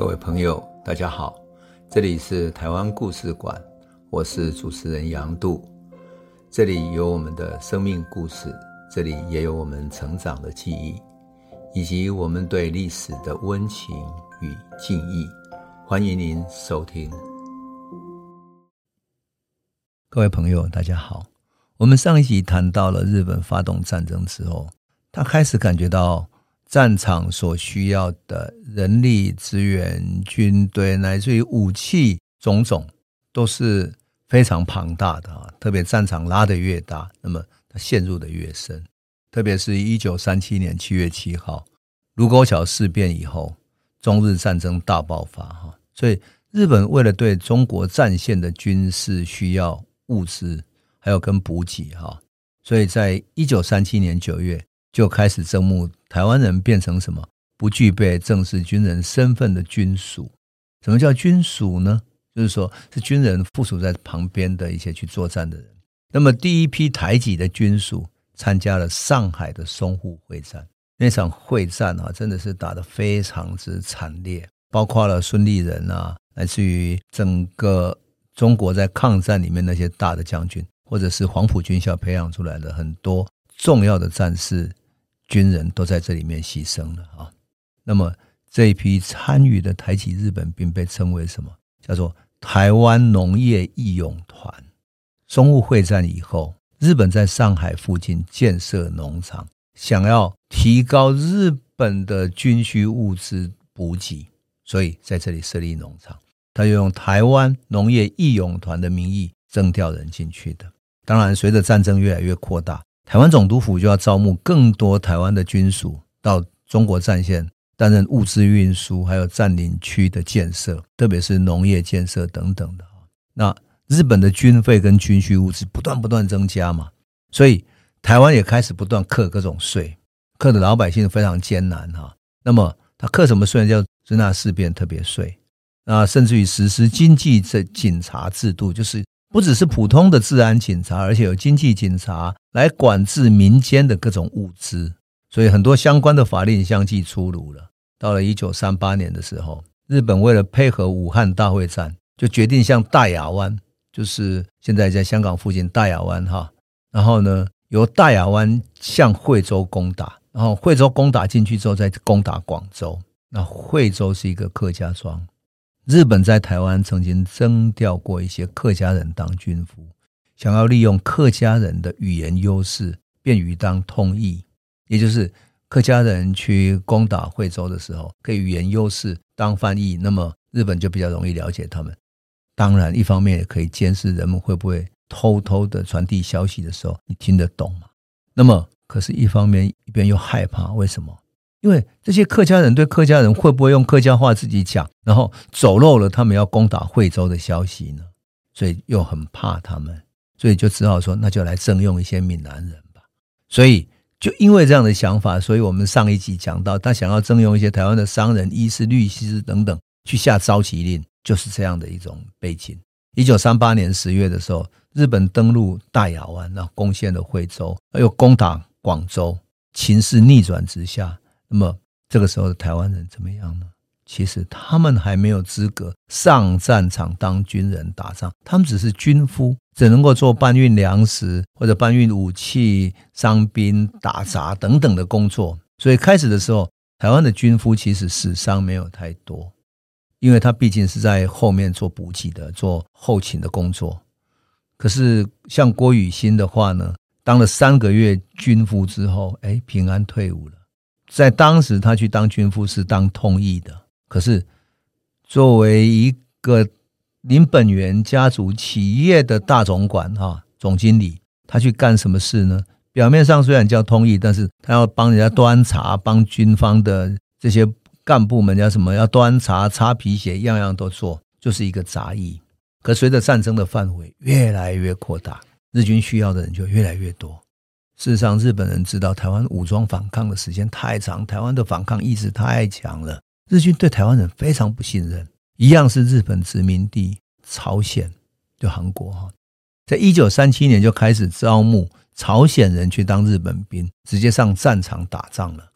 各位朋友，大家好，這裡是台灣故事館，我是主持人楊渡，這裡有我們的生命故事，這裡也有我們成長的記憶，以及我們對歷史的溫情與敬意。歡迎您收聽。各位朋友，大家好，我們上一集談到了日本發動戰爭之後，他開始感覺到。戰場所需要的人力資源、軍隊，乃至於武器，種種都是非常龐大的啊！特別戰場拉得越大，那麼它陷入的越深。特別是一九三七年七月七號盧溝橋事變以後，中日戰爭大爆發哈，所以日本為了對中國戰線的軍事需要、物資還有跟補給哈，所以在一九三七年九月就開始徵募。台灣人變成什麼？不具備正式軍人身份的軍屬。什麼叫軍屬呢？就是說，是軍人附屬在旁邊的一些去作戰的人。那麼，第一批台籍的軍屬參加了上海的淞滬會戰。那場會戰啊，真的是打得非常之慘烈，包括了孫立人啊，來自於整個中國在抗戰裡面那些大的將軍，或者是黃埔軍校培養出來的很多重要的戰士。軍人都在這裡面犧牲了啊！那麼這一批參與的台籍日本兵，被稱為什麼？叫做台灣農業義勇團。淞滬會戰以後，日本在上海附近建設農場，想要提高日本的軍需物資補給，所以在這裡設立農場。他用台灣農業義勇團的名義徵調人進去的。當然，隨着戰爭越來越擴大。臺灣總督府就要招募，更多臺灣的軍屬到中國戰線擔任物資運輸，還有佔領區的建設，特別是農業建設等等的。那日本的軍費跟軍需物資不斷不斷增加嘛，所以臺灣也開始不斷課各種稅，課的老百姓非常艱難哈。那麼他課什麼稅呢？叫“支那事變特別稅”。那甚至於實施經濟的警察制度，就是。不只是普通的治安警察，而且有經濟警察來管制民間的各種物資，所以很多相關的法令相繼出爐了。到了一九三八年的時候，日本為了配合武漢大會戰，就決定向大亞灣，就是現在在香港附近大亞灣哈，然後呢，由大亞灣向惠州攻打，然後惠州攻打進去之後再攻打廣州。那惠州是一個客家莊。日本在台灣曾經徵調過一些客家人當軍夫，想要利用客家人的語言優勢，便於當通譯，也就是客家人去攻打惠州的時候，可以語言優勢當翻譯，那麼日本就比較容易了解他們。當然，一方面也可以監視人們會不會偷偷的傳遞消息的時候，你聽得懂嗎？那麼，可是一方面，一邊又害怕，為什麼？因為這些客家人對客家人會不會用客家話自己講，然後走漏了他們要攻打惠州的消息呢？所以又很怕他們，所以就只好說那就來徵用一些閩南人吧。所以就因為這樣的想法，所以我們上一集講到，他想要徵用一些台灣的商人、醫師、律師等等去下召集令，就是這樣的一種背景。一九三八年十月的時候，日本登陸大亞灣，然後攻陷了惠州，又攻打廣州，情勢逆轉之下。那麼這個時候的台灣人怎麼樣呢？其實他們還沒有資格上戰場當軍人打仗，他們只是軍夫，只能夠做搬運糧食或者搬運武器、傷兵、打雜等等的工作。所以開始的時候，台灣的軍夫其實死傷沒有太多，因為他畢竟是在後面做補給的、做後勤的工作。可是像郭雨欣的話呢，當了三個月軍夫之後，哎，平安退伍了。在當時，他去當軍夫是當通譯的。可是作為一個林本源家族企業的大總管哈，總經理，他去幹什麼事呢？表面上雖然叫通譯，但是他要幫人家端茶，幫軍方的這些幹部們叫什麼？要端茶、擦皮鞋，樣樣都做，就是一個雜役。可隨着戰爭的範圍越來越擴大，日軍需要的人就越來越多。事實上，日本人知道台灣武裝反抗的時間太長，台灣的反抗意識太強了。日軍對台灣人非常不信任。一樣是日本殖民地，朝鮮，就韓國哈，在一九三七年就開始招募朝鮮人去當日本兵，直接上戰場打仗了。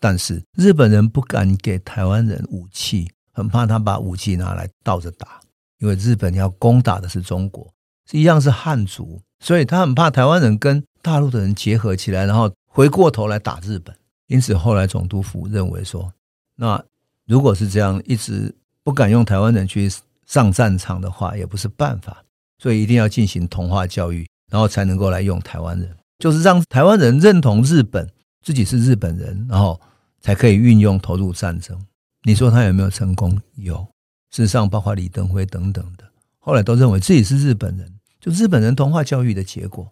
但是日本人不敢給台灣人武器，很怕他把武器拿來倒着打，因為日本要攻打的是中國，是一樣是漢族，所以他很怕台灣人跟。大陸的人結合起來，然後回過頭來打日本。因此後來總督府認為說，那如果是這樣，一直不敢用台灣人去上戰場的話，也不是辦法。所以一定要進行同化教育，然後才能夠來用台灣人，就是讓台灣人認同日本，自己是日本人，然後才可以運用投入戰爭。你說他有沒有成功？有，事實上包括李登輝等等的，後來都認為自己是日本人，就日本人同化教育的結果。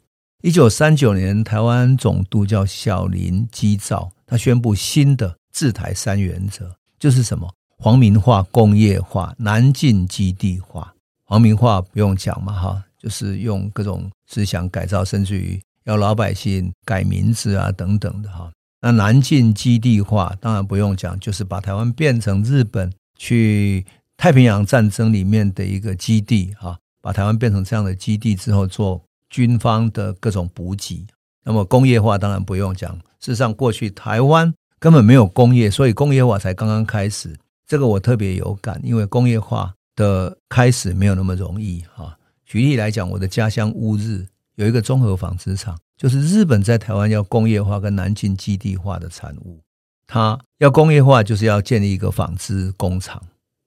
一九三九年，台灣總督叫小林基造，他宣布新的制台三原則，就是什麼？黃民化、工業化、南進基地化。黃民化不用講嘛，哈，就是用各種思想改造，甚至於要老百姓改名字啊等等的，哈。那南進基地化當然不用講，就是把台灣變成日本去太平洋戰爭裡面的一個基地，哈，把台灣變成這樣的基地之後做。軍方的各種補給，那麼工業化當然不用講。事實上，過去台灣根本沒有工業，所以工業化才剛剛開始。這個我特別有感，因為工業化的開始沒有那麼容易哈、啊，舉例來講，我的家鄉烏日有一個綜合紡織廠，就是日本在台灣要工業化跟南進基地化的產物。它要工業化，就是要建立一個紡織工廠。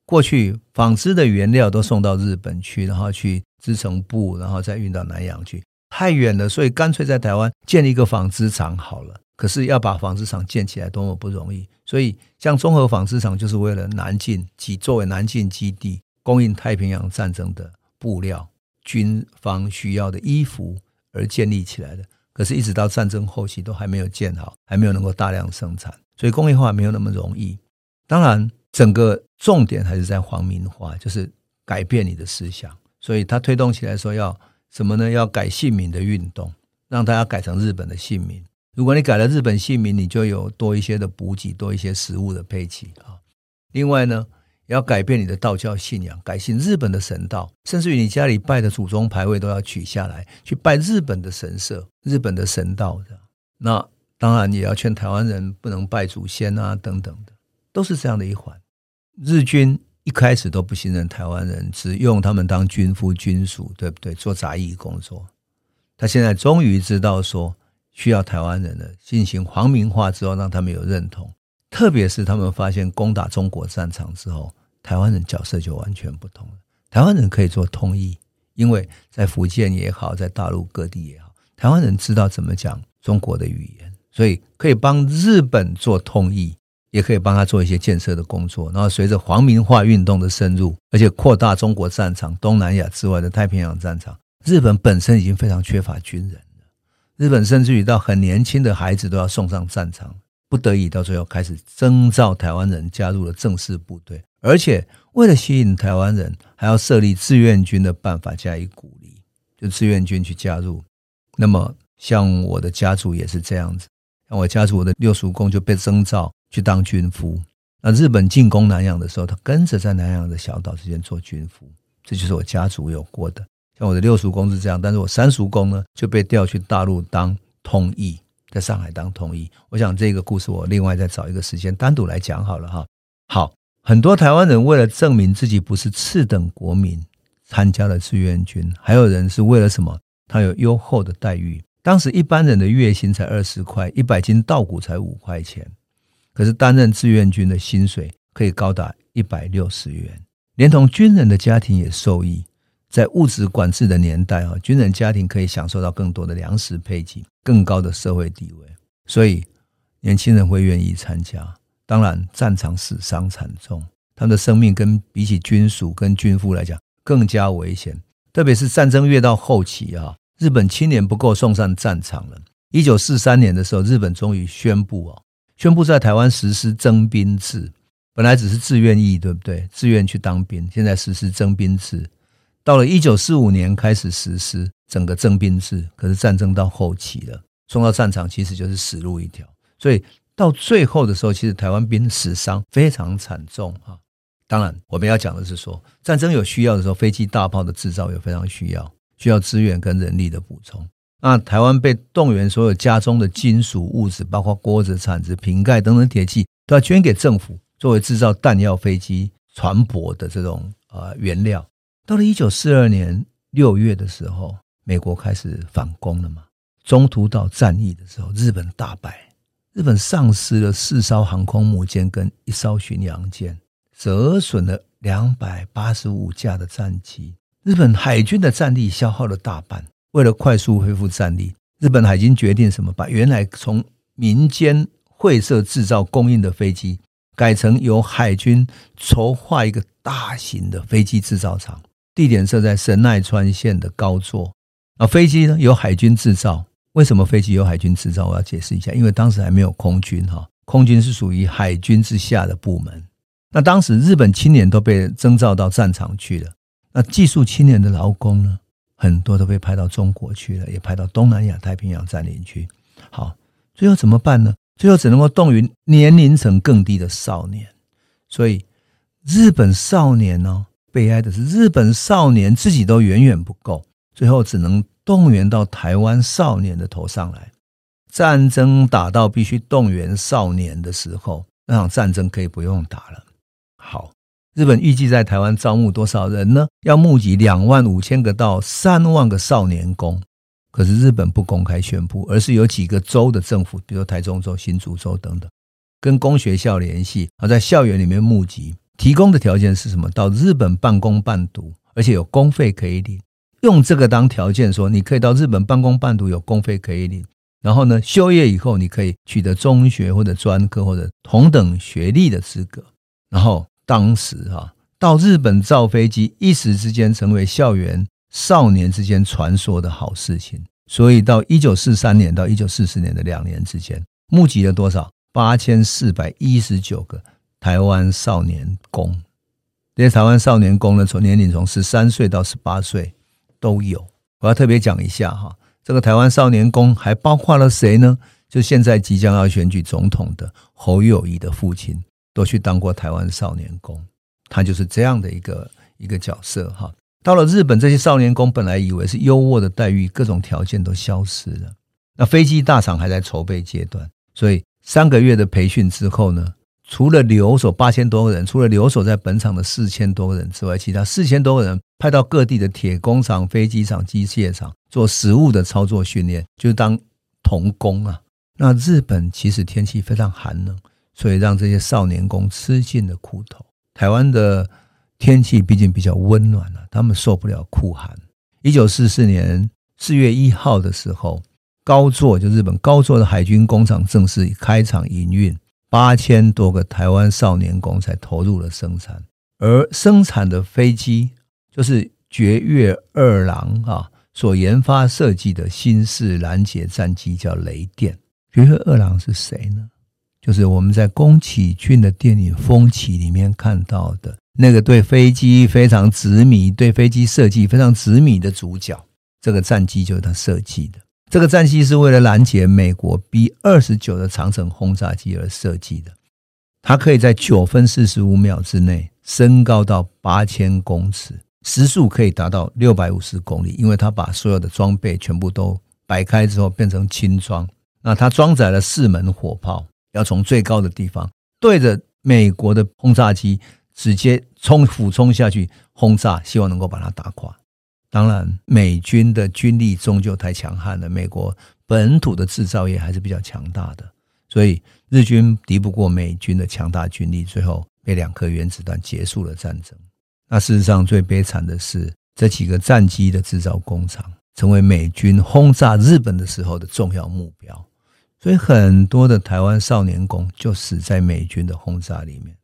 過去紡織的原料都送到日本去，然後去。織成布，然後再運到南洋去，太遠了，所以乾脆在台灣建立一個紡織廠好了。可是要把紡織廠建起來，多麼不容易！所以像綜合紡織廠，就是為了南進及作為南進基地，供應太平洋戰爭的布料、軍方需要的衣服而建立起來的。可是，一直到戰爭後期都還沒有建好，還沒有能夠大量生產，所以工業化沒有那麼容易。當然，整個重點還是在皇民化，就是改變你的思想。所以他推動起來說要什麼呢？要改姓名的運動，讓大家改成日本的姓名。如果你改了日本姓名，你就有多一些的補給，多一些食物的配給啊。另外呢，也要改變你的道教信仰，改信日本的神道，甚至於你家裡拜的祖宗牌位都要取下來，去拜日本的神社、日本的神道的。那當然也要勸台灣人不能拜祖先啊等等的，都是這樣的一環。日軍。一開始都不信任台灣人，只用他們當軍夫、軍屬，對不對？做雜役工作。他現在終於知道說需要台灣人了，進行皇民化之後，讓他們有認同。特別是他們發現攻打中國戰場之後，台灣人角色就完全不同了。台灣人可以做通譯，因為在福建也好，在大陸各地也好，台灣人知道怎麼講中國的語言，所以可以幫日本做通譯。也可以幫他做一些建設的工作。然後，隨着皇民化運動的深入，而且擴大中國戰場、東南亞之外的太平洋戰場，日本本身已經非常缺乏軍人了。日本甚至於到很年輕的孩子都要送上戰場，不得已到最後開始徵召台灣人加入了正式部隊，而且為了吸引台灣人，還要設立志願軍的辦法加以鼓勵，就志願軍去加入。那麼，像我的家族也是這樣子。像我家族，我的六叔公就被徵召去當軍夫。那日本進攻南洋的時候，他跟着在南洋的小島之間做軍夫。這就是我家族有過的。像我的六叔公是這樣，但是我三叔公呢，就被調去大陸當通譯，在上海當通譯。我想這個故事我另外再找一個時間單獨來講好了哈。好，很多台灣人為了證明自己不是次等國民，參加了志願軍。還有人是為了什麼？他有優厚的待遇。當時一般人的月薪才二十塊，一百斤稻谷才五塊錢，可是擔任志願軍的薪水可以高達一百六十元，連同軍人的家庭也受益。在物質管制的年代啊，軍人家庭可以享受到更多的糧食配給，更高的社會地位，所以年輕人會願意參加。當然，戰場死傷慘重，他們的生命跟比起軍屬跟軍夫來講更加危險，特別是戰爭越到後期啊。日本青年不夠送上戰場了。一九四三年的時候，日本終於宣布哦，宣布在台灣實施徵兵制。本來只是自願役，對不對？自願去當兵。現在實施徵兵制，到了一九四五年開始實施整個徵兵制。可是戰爭到後期了，送到戰場其實就是死路一條。所以到最後的時候，其實台灣兵死傷非常慘重哈。當然，我們要講的是說，戰爭有需要的時候，飛機、大炮的製造也非常需要。需要資源跟人力的補充。那台灣被動員所有家中的金屬物質，包括鍋子、鏟子、瓶蓋等等鐵器，都要捐給政府，作為制造彈藥、飛機、船舶的這種呃原料。到了一九四二年六月的時候，美國開始反攻了嘛。中途島戰役的時候，日本大敗，日本喪失了四艘航空母艦跟一艘巡洋艦，折損了兩百八十五架的戰機。日本海軍的戰力消耗了大半，為了快速恢復戰力，日本海軍決定什麼？把原來從民間會社制造供應的飛機，改成由海軍籌劃一個大型的飛機制造廠，地點設在神奈川縣的高座。那飛機呢？由海軍制造。為什麼飛機由海軍制造？我要解釋一下，因為當時還沒有空軍哈，空軍是屬於海軍之下的部門。那當時日本青年都被徵召到戰場去了。那技術青年的勞工呢？很多都被派到中國去了，也派到東南亞、太平洋佔領區。好，最後怎麼辦呢？最後只能夠動員年齡層更低的少年。所以日本少年呢，哦，悲哀的是，日本少年自己都遠遠不夠，最後只能動員到台灣少年的頭上來。戰爭打到必須動員少年的時候，那場戰爭可以不用打了。好。日本預計在台灣招募多少人呢？要募集兩萬五千個到三萬個少年工，可是日本不公開宣布，而是有幾個州的政府，比如台中州、新竹州等等，跟公學校聯繫，而在校園裡面募集。提供的條件是什麼？到日本半工半讀，而且有公費可以領。用這個當條件說，你可以到日本半工半讀，有公費可以領。然後呢，修業以後你可以取得中學或者專科或者同等學歷的資格，然後。當時哈、啊、到日本造飛機，一時之間成為校園少年之間傳說的好事情。所以到一九四三年到一九四四年的兩年之間，募集了多少？八千四百一十九個台灣少年工。這些台灣少年工呢，從年齡從十三歲到十八歲都有。我要特別講一下哈、啊，這個台灣少年工還包括了誰呢？就現在即將要選舉總統的侯友宜的父親。都去當過台灣少年工，他就是這樣的一個一個角色哈。到了日本，這些少年工本來以為是優渥的待遇，各種條件都消失了。那飛機大廠還在籌備階段，所以三個月的培訓之後呢，除了留守八千多個人，除了留守在本廠的四千多個人之外，其他四千多個人派到各地的鐵工廠、飛機廠、機械廠做實務的操作訓練，就當童工啊。那日本其實天氣非常寒冷。所以讓這些少年工吃盡了苦頭。台灣的天氣畢竟比較溫暖了，他們受不了酷寒。一九四四年四月一號的時候，高座就是、日本高座的海軍工廠正式開廠營運，八千多個台灣少年工才投入了生產，而生產的飛機就是崛越二郎啊所研發設計的新式攔截戰機，叫雷電。崛越二郎是誰呢？就是我們在宮崎駿的電影《風起》裡面看到的那個對飛機非常執迷、對飛機設計非常執迷的主角，這個戰機就是他設計的。這個戰機是為了攔截美國 B 二十九的長程轟炸機而設計的，它可以在九分四十五秒之內升高到八千公尺，時速可以達到六百五十公里，因為它把所有的裝備全部都擺開之後變成輕裝。那它裝載了四門火炮。要從最高的地方對着美國的轟炸機直接衝俯衝下去轟炸，希望能夠把它打垮。當然，美軍的軍力終究太強悍了，美國本土的制造業還是比較強大的，所以日軍敵不過美軍的強大的軍力，最後被兩顆原子彈結束了戰爭。那事實上，最悲慘的是這幾個戰機的制造工廠成為美軍轟炸日本的時候的重要目標。所以很多的台灣少年工就死在美軍的轟炸裡面。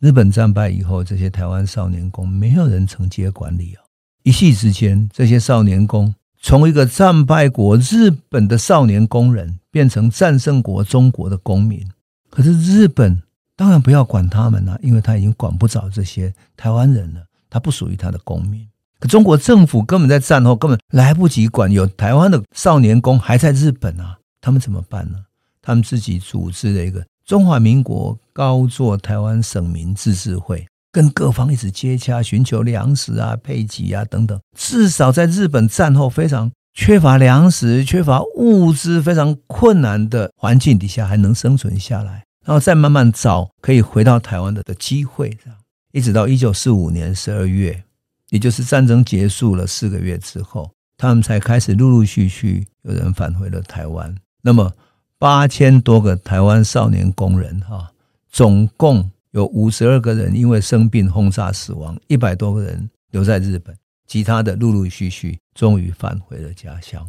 日本戰敗以後，這些台灣少年工沒有人承接管理，啊、一夕之間，這些少年工從一個戰敗國日本的少年工人，變成戰勝國中國的公民。可是日本當然不要管他們了，啊，因為他已經管不着這些台灣人了，他不屬於他的公民。可中國政府根本在戰後根本來不及管，有台灣的少年工還在日本啊！他們怎麼辦呢？他們自己組織了一個中華民國高座台灣省民自治會，跟各方一直接洽，尋求糧食啊、配給啊等等。至少在日本戰後非常缺乏糧食、缺乏物資、非常困難的環境底下，還能生存下來。然後再慢慢找可以回到台灣的的機會這樣，一直到一九四五年十二月，也就是戰爭結束了四個月之後，他們才開始陸陸續續有人返回了台灣。那麼，八千多個台灣少年工人，哈、啊，總共有五十二個人因為生病轟炸死亡，一百多個人留在日本，其他的陸陸續續終於返回了家鄉。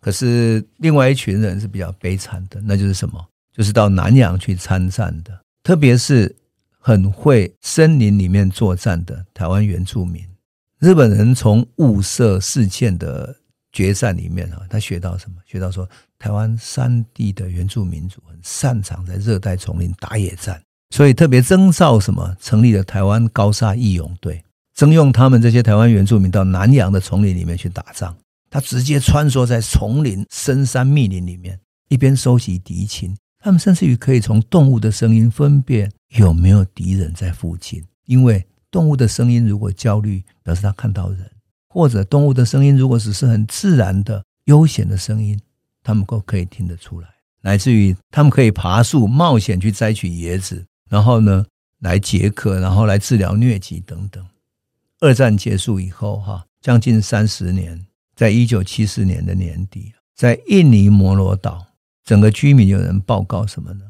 可是，另外一群人是比較悲慘的，那就是什麼？就是到南洋去參戰的，特別是很會森林裡面作戰的台灣原住民。日本人從霧社事件的決戰裡面啊，他學到什麼？學到說，台灣山地的原住民族很擅長在熱帶叢林打野戰，所以特別徵召什麼，成立了台灣高砂義勇隊，徵用他們這些台灣原住民到南洋的叢林裡面去打仗。他直接穿梭在叢林、深山密林裡面，一邊收集敵情。他們甚至於可以從動物的聲音分辨有沒有敵人在附近，因為動物的聲音如果焦慮，表示他看到人。或者動物的聲音，如果只是很自然的、悠閒的聲音，他們都可以聽得出來。來自於他們可以爬樹、冒險去摘取椰子，然後呢，來解渴，然後來治療瘧疾等等。二戰結束以後，哈，將近三十年，在一九七四年的年底，在印尼摩羅島，整個居民有人報告什麼呢？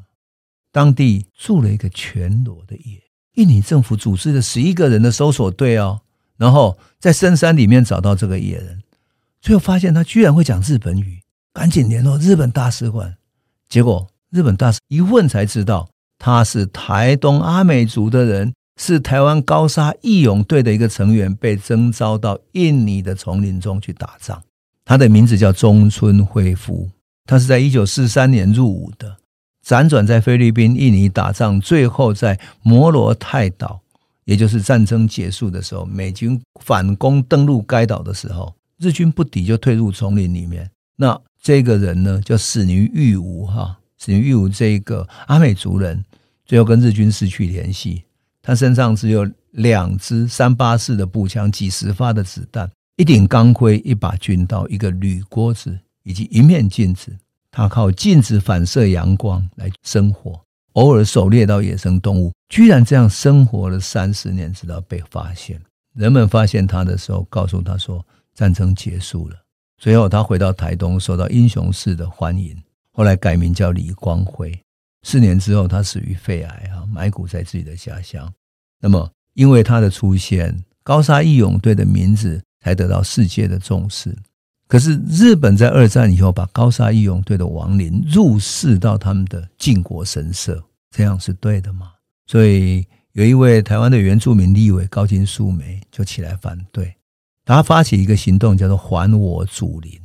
當地住了一個全裸的野。印尼政府組織了十一個人的搜索隊哦。然後在深山裡面找到這個野人，最後發現他居然會講日本語，趕緊聯絡日本大使館。結果日本大使一問才知道，他是台東阿美族的人，是台灣高砂義勇隊的一個成員，被徵召到印尼的叢林中去打仗。他的名字叫中村輝夫，他是在一九四三年入伍的，輾轉在菲律賓、印尼打仗，最後在摩羅泰島。也就是戰爭結束的時候，美軍反攻登陸該島的時候，日軍不敵就退入叢林裡面。那這個人呢，叫史尼玉武哈，史尼玉武這一個阿美族人，最後跟日軍失去聯繫。他身上只有兩支三八式的步槍，幾十發的子彈，一頂鋼盔，一把軍刀，一個鋁鍋子，以及一面鏡子。他靠鏡子反射陽光來生活。偶爾狩獵到野生動物，居然這樣生活了三十年，直到被發現。人們發現他的時候，告訴他說戰爭結束了。隨後他回到台東，受到英雄式的歡迎。後來改名叫李光輝。四年之後，他死於肺癌啊，埋骨在自己的家鄉。那麼，因為他的出現，高砂義勇隊的名字才得到世界的重視。可是日本在二戰以後把高砂義勇隊的亡靈入祀到他們的靖國神社，這樣是對的嗎？所以有一位台灣的原住民立委高金素梅就起來反對，他發起一個行動叫做“還我祖靈”。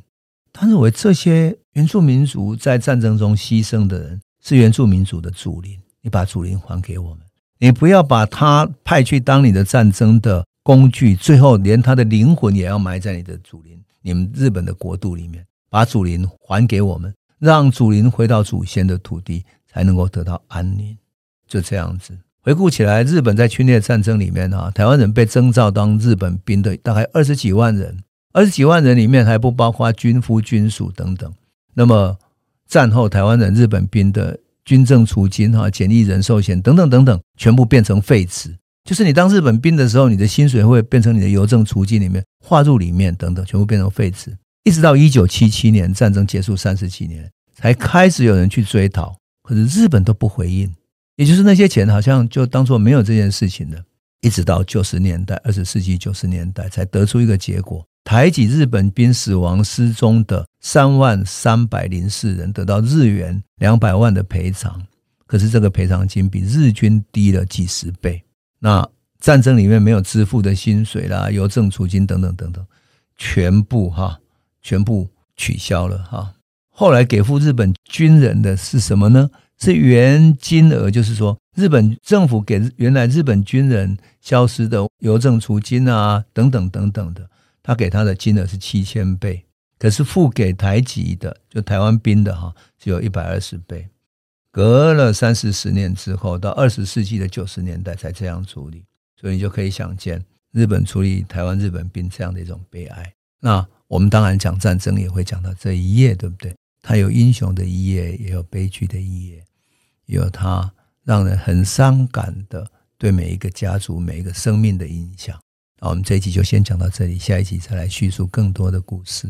他認為這些原住民族在戰爭中犧牲的人是原住民族的祖靈，你把祖靈還給我們，你不要把他派去當你的戰爭的工具，最後連他的靈魂也要埋在你的祖靈，你們日本的國度裡面，把祖靈還給我們，讓祖靈回到祖先的土地，才能夠得到安寧。就這樣子，回顧起來，日本在侵略戰爭裡面哈，台灣人被徵召當日本兵隊，大概二十幾萬人，二十幾萬人裡面還不包括軍夫、軍屬等等。那麼戰後，台灣人日本兵的軍政儲金、哈簡易人壽險等等等等，全部變成廢紙。就是你當日本兵的時候，你的薪水會變成你的郵政儲蓄裡面劃入裡面等等，全部變成廢紙。一直到一九七七年戰爭結束三十幾年，才開始有人去追討，可是日本都不回應，也就是那些錢好像就當作沒有這件事情的。一直到九十年代，二十世紀九十年代才得出一個結果，台籍日本兵死亡失蹤的三千三百零四人得到日元兩百萬的賠償，可是這個賠償金比日軍低了幾十倍。那戰爭裡面沒有支付的薪水啦、郵政儲金等等等等，全部哈全部取消了哈。後來給付日本軍人的是什麼呢？是原金額，就是說日本政府給原來日本軍人消失的郵政儲金啊等等等等的，他給他的金額是七千倍，可是付給台籍的就台灣兵的哈，只有一百二十倍。隔了三四十年之後，到二十世紀的九十年代才這樣處理，所以你就可以想見日本處理台灣日本兵這樣的一種悲哀。那我們當然講戰爭，也會講到這一頁，對不對？它有英雄的一頁，也有悲劇的一頁，也有它讓人很傷感的對每一個家族、每一個生命的影響。好，我們這一集就先講到這裡，下一集再來敘述更多的故事。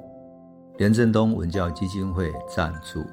嚴振東文教基金會贊助。